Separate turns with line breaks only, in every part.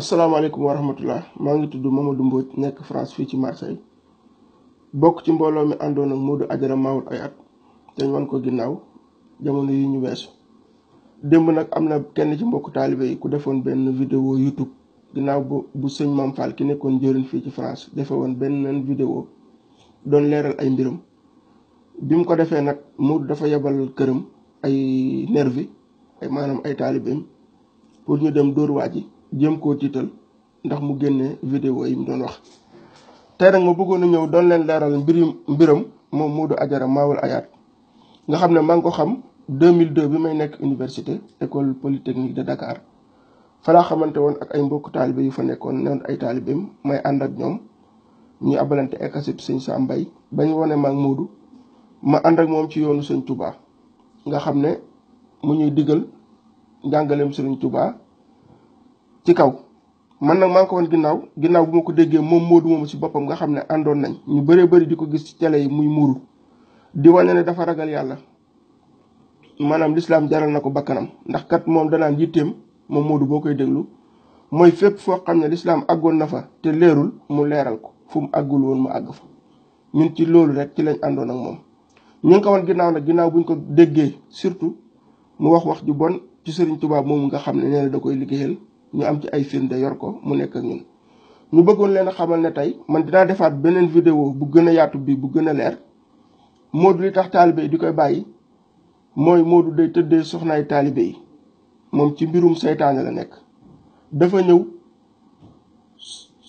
asalaamaaleykum wa rahmatullah maa ngi tudd Mamadou Mbodj nekk France fii ci Marseille bokk ci mbooloo mi àndoon ak Modou Adjara maawul ay at te ñu wan ko ginnaaw jamono yi ñu weesu. démb nag am na kenn ci mbokk taalibe yi ku defoon benn vidéo YouTube ginnaaw bu bu sëñ Mame ki nekkoon njëriñ fii ci France defe woon benn vidéo doon leeral ay mbiram bi mu ko defee nag Modou dafa yebal këram ay nervi ay maanaam ay taalibeem pour ñu dem dóor waa ji jéem koo tiital ndax mu génne vidéo yi mu doon wax tey nag ma bëggoon a ñëw doon leen leeral mbirum mbiram moom Modou Ajara Maawul Hayaat nga xam ne maa ngi ko xam 2002 bi may nekk université école polytechnique de Dakar falaa xamante woon ak ay mbokk taalibe yu fa nekkoon ne woon ay taalibeem may ànd ak ñoom ñuy abalante ay kaset sëñ Sa Mbay ba ñu wane maag Modou ma ànd ak moom ci yoonu sëñ Touba nga xam ne mu ñuy digal njàngaleem sëriñ Touba ci kaw man na maa ngi ko ginnaaw ginnaaw bu ma ko déggee moom Modou moomu si boppam nga xam ne àndoon nañ ñu bëree bëri di ko gis ci télé yi muy muuru di wane ne dafa ragal yàlla maanaam lislaam jaral na ko bakkanam ndax kat moom danaan yitteem moom moodu boo koy déglu mooy fépp foo xam ne lislaam àggoon na fa te leerul mu leeral ko fu mu àggul woon mu àgg fa ñun ci loolu rekk ci lañ àndoon ak moom ñu ngi ko woon ginnaaw nag ginnaaw ñu ko déggee surtout mu wax wax ju bon ci Sëriñ Tuubaa moom nga xam ne nee da koy liggéeyal ñu am ci ay film de yor ko mu nekk ak ñun. ñu bëggoon leen a xamal ne tey man dinaa defaat beneen vidéo bu gën a yaatu bi bu gën a leer Modou li tax taalibe yi di koy bàyyi mooy Modou day tëddee soxnaay taalibe yi moom ci mbirum seytaane la nekk. dafa ñëw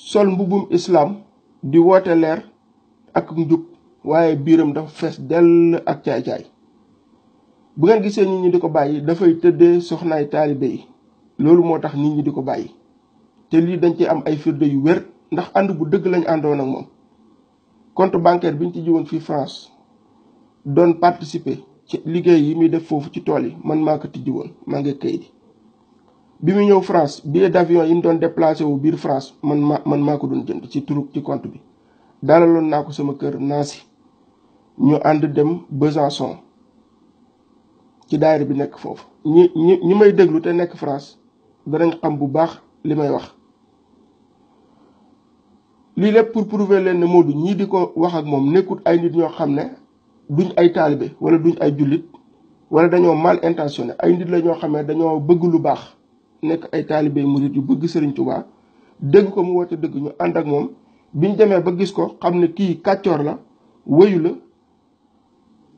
sol mbubbum islaam di woote leer ak njub waaye biiram dafa fees dell ak caay-caay bu ngeen gisee nit ñi di ko bàyyi dafay tëddee soxnaay taalibe yi. loolu moo tax nit ñi di ko bàyyi te lii dañ ci am ay firnde yu wér ndax ànd bu dëgg lañu àndoon ak moom compte bancaire bi ñu ci jiwoon fii France doon participer ci liggéey yi muy def foofu ci tool yi man maa ko tijji woon maa ngi kay di bi mu ñëw France billet d'avion yi ñu doon déplacé wu biir France man ma man maa ko doon jënd ci turu ci compte bi dalaloon naa ko sama kër Nancy ñu ànd dem Besançon ci daayira bi nekk foofu ñi ñi ñi may déglu te nekk France danañ xam bu baax li may wax lii lépp pour prouver leen ne Modou ñii di ko wax ak moom nekkut ay nit ñoo xam ne duñ ay taalibe wala duñ ay jullit wala dañoo mal intentionné ay nit la ñoo xam ne dañoo bëgg lu baax nekk ay taalibe murit yu bëgg Serigne Touba dégg ko mu woote dëgg ñu ànd ak moom biñ demee ba gis ko xam ne kii kàccoor la wëyu la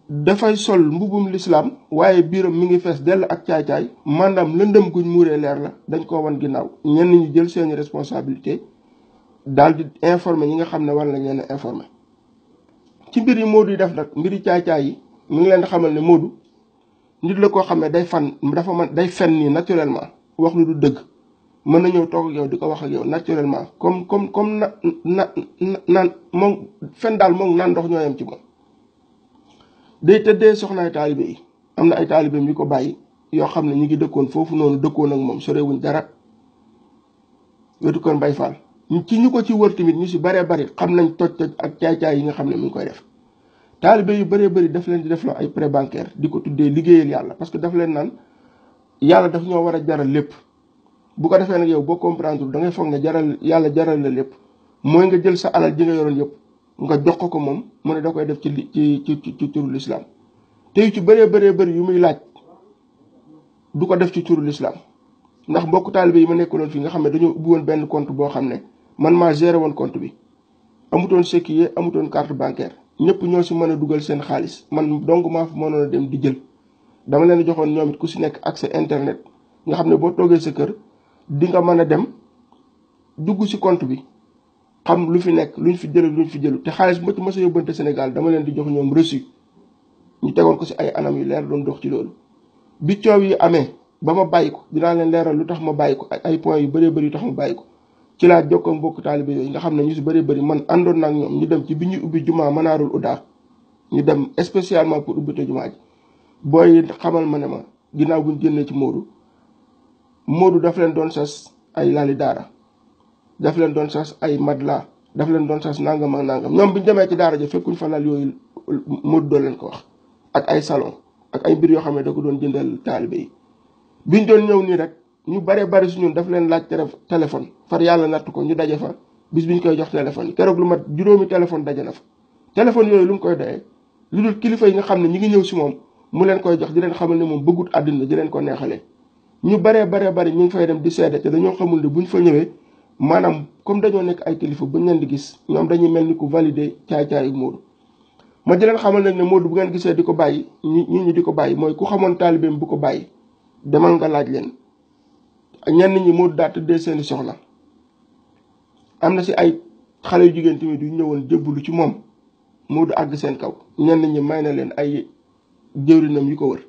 dafay sol mbubum lislaam waaye biiram mi ngi fees dell ak caay-caay maanaam lëndëm guñ muuree leer la dañ ko wan ginnaaw ñenn ñi jël seeni responsabilité daal di informé ñi nga xam ne war na leen a ci mbir yi Modou yi def nag mbiri caay-caay yi mi ngi leen xamal ne Modou nit la koo xam ne day fan dafa man day fen nii naturellement wax lu du dëgg mën na ñëw toog ak yow di ko wax ak yow naturellement comme comme comme na na naan moom fen daal moom naan ndox ñoo ci moom day tëddee soxnaay taalibe yi am na ay taalibeem yu ko bàyyi yoo xam ne ñu ngi dëkkoon foofu noonu dëkkoon ak moom sorewuñ dara wetu kon bay Fall ci ñu ko ci wër tamit ñu si baree bari xam nañ toj toj ak caay-caay yi nga xam ne mu ngi koy def taalibe yu bëree bëri daf leen di def la ay prêt bancaire di ko tuddee liggéeyal yàlla parce que daf leen naan yàlla daf ñoo war a jaral lépp bu ko defee nag yow boo comprendre da ngay foog ne jaral yàlla jaral la lépp mooy nga jël sa alal ji nga yoroon yëpp nga jox ko ko moom mu ne da koy def ci ci ci ci turu lislaam te yu ci bëree bëree bëri yu muy laaj du ko def ci turu lislaam ndax mbokk taalibe yi ma nekkaloon fii nga xam ne dañoo ubbi woon benn compte boo xam ne man maa géré woon compte bi amutoon sécurité amutoon carte bancaire ñëpp ñoo si mën a dugal seen xaalis man dong maa fa mënoon a dem di jël dama leen joxoon ñoom ku si nekk ak accès internet nga xam ne boo toogee sa kër di nga mën a dem dugg si compte bi xam lu fi nekk lu ñu fi jël luñ fi jëlu te xaalis bu ma ci mos a yóbbante Sénégal dama leen di jox ñoom reçu ñu tegoon ko si ay anam yu leer doon dox ci loolu. bi coow yi amee ba ma bàyyi ko dinaa leen leeral lu tax ma bàyyi ko ak ay points yu bëree bëri yu tax ma bàyyi ko ci laa jokkoo mbokk taalibe yooyu nga xam ne ñu si bëree bëri man àndoon na ñoom ñu dem ci bi ñuy ubbi jumaa manaarul udaa ñu dem spécialement pour ubbite jumaa ji booy xamal ma ne ma ginnaaw buñ ci Modou Modou daf leen doon sas ay laali daara daf leen doon sas ay madla daf leen doon sas nangam ak nangam ñoom bu ñu demee ci daara ja fekkuñ fa lal yooyu Modou Lo leen ko wax ak ay salon ak ay mbir yoo xam ne da ko doon jëndal taalibe yi biñ doon ñëw nii rek ñu bare bari su ñun daf leen laaj téléphone far yàlla natt ko ñu daje fa bis biñ koy jox téléphone yi lu mat juróomi téléphone daje na fa téléphone yooyu lu mu koy doyee lu dul kilifa yi nga xam ne ñi ngi ñëw si moom mu leen koy jox di leen xamal ne moom bëggut àddina di leen ko neexalee ñu bare baree bari ñu ngi fay dem di seede te dañoo xamul bu ñu fa ñëwee maanaam comme dañoo nekk ay kilifa bu ñu leen di gis ñoom dañuy mel ni ku validé caay-caayu Modou ma di leen xamal nañ ne Modou bu ngeen gisee di ko bàyyi ñi ñi di ko bàyyi mooy ku xamoon taalibeem bu ko bàyyi demal nga laaj leen ñenn ñi Modou daa tëddee seeni soxla am na si ay xale yu jigéen tamit yu ñëwal ñëwoon lu ci moom Modou àgg seen kaw ñenn ñi may na leen ay jëwrinam yu ko wër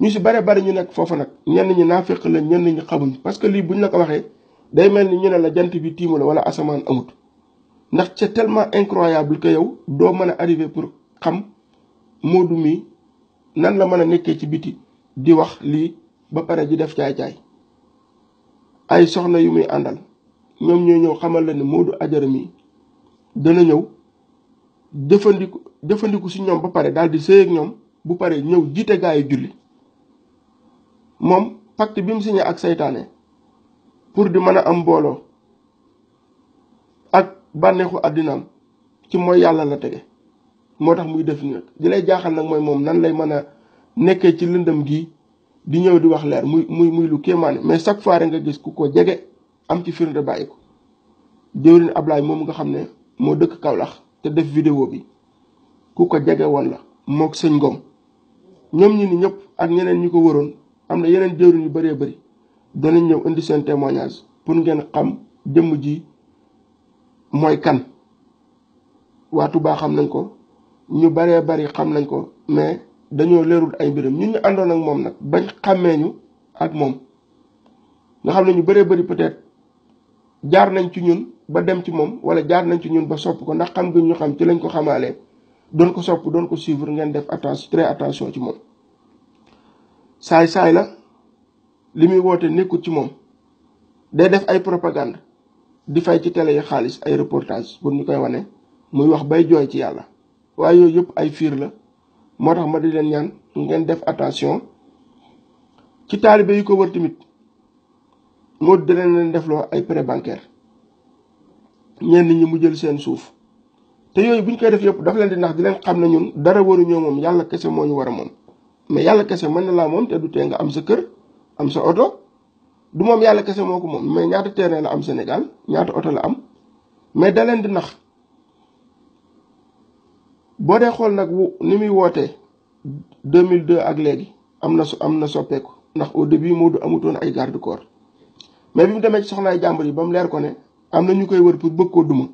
ñu si bare bari ñu nekk foofu nag ñenn ñi naafeq la ñenn ñi xamuñ parce que lii buñ la ko waxee day mel ni ñu ne la jant bi tiimu la wala asamaan amut ndax ca tellement incroyable que yow doo mën a arrivé pour xam Modou mii nan la mën a nekkee ci biti di wax lii ba pare ji def caay-caay ay soxna yu muy àndal ñoom ñoo ñëw xamal la ne Modou Ajara mii dana ñëw jëfandiku jëfandiku si ñoom ba pare daal di sëy ak ñoom bu pare ñëw jiite gaa julli moom pacte bi mu signé ak seytaane pour di mën a am mbooloo ak bànneexu àddinaam ci mooy yàlla la tege moo tax muy def nii rek di lay jaaxal nag mooy moom nan lay mën a nekkee ci lëndëm gi di ñëw di wax leer muy muy muy lu kéemaane mais chaque fois nga gis ku ko jege am ci firnde bàyyi ko jëwriñ Ablaay moom nga xam ne moo dëkk Kaolack te def vidéo bi ku ko jege woon la moog sëñ Ngom ñoom ñu ni ñëpp ak ñeneen ñu ko waroon am na yeneen jëwriñ yu bëree bëri danañ ñëw indi seen témoignage pour ngeen xam jëmm ji mooy kan. waa baa xam nañ ko ñu baree bari xam nañ ko mais dañoo leerul ay mbiram ñun ñu àndoon ak moom nag bañ xàmmee ñu ak moom nga xam ne ñu bëree bëri peut-être jaar nañ ci ñun ba dem ci moom wala jaar nañ ci ñun ba sopp ko ndax xam gi ñu xam ci lañ ko xamaalee doon ko sopp doon ko suivre ngeen def attention très attention ci moom saay saay la. li muy woote nekkul ci moom day def ay propagande di fay ci télé yi xaalis ay reportage pour ñu koy wane muy wax bay jooy ci yàlla waaye yooyu yëpp ay fiir la moo tax ma di leen ñaan ngeen def attention ci taalibe yu ko wër moo dina leen defloo ay prêt bancaire ñenn ñi mu jël seen suuf te yooyu bu ñu koy def yëpp dafa leen di nax di leen xam ne ñun dara waruñoo moom yàlla kese moo ñu war a moom mais yàlla kese mën na laa moom te du tee nga am sa kër am sa oto du moom yàlla kese moo ko moom mais ñaata terrain la am Sénégal ñaata oto la am mais da di nax boo dee xool nag ni muy wootee 2002 ak léegi am na am na soppeeku ndax au début du amutoon ay garde corps mais bi mu demee ci soxnaay jàmbur yi ba mu leer ko ne am na ñu koy wër pour bëgg koo duma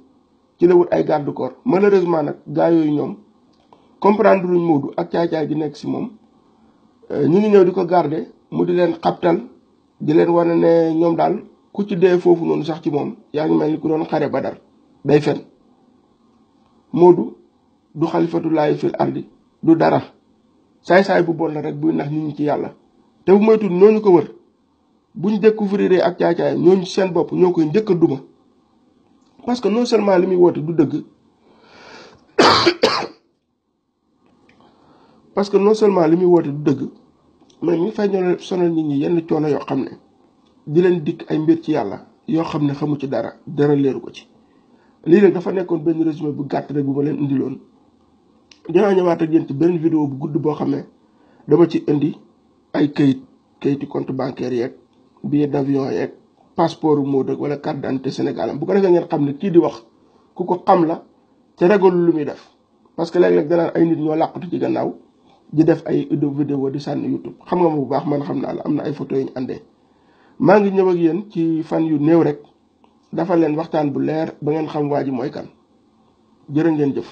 ci la wut ay garde corps malheureusement nag gaa yooyu ñoom comprendre luñ Modou ak caay-caay gi nekk si moom euh, ñu ngi ñëw di ko garder mu di leen xabtal di leen wane ne ñoom daal ku ci dee foofu noonu sax ci moom yaa ngi mel ni ku doon xare badar day fen moodu du xalifatullaahi fil ardi du dara saay-saay bu bon la rek buy nax nit ñi ci yàlla te bu moytul ñooñu ko wër buñ découvrir ak caacaay ñooñu seen bopp ñoo koy njëkk a duma parce que non seulement li muy woote du dëgg parce que non seulement li muy woote du dëgg mu ne ñu ngi fay ñoo sonal nit ñi yenn coono yoo xam ne di leen dikk ay mbir ci yàlla yoo xam ne xamu ci dara dara leeru ko ci. lii nag dafa nekkoon benn résumé bu gàtt rek bu ma leen indiloon dinaa ñëwaat ak yéen ci benn vidéo bu gudd boo xam ne dama ci indi ay kayit kayiti compte bancaire yeeg billet d'avion yeeg passeport moo dëkk wala carte d'identité sénégalais bu ko defee ngeen xam ne kii di wax ku ko xam la te ragalu lu muy def parce que léeg-léeg danaan ay nit ñoo làqatu ci gannaaw. di def ay vidéo di sànni YouTube xam nga ma bu baax man xam naa la am na ay photo yu ñu àndee. maa ngi ñëw ak yéen ci fan yu néew rek dafa leen waxtaan bu leer ba ngeen xam waa ji mooy kan jërë ngeen jëf.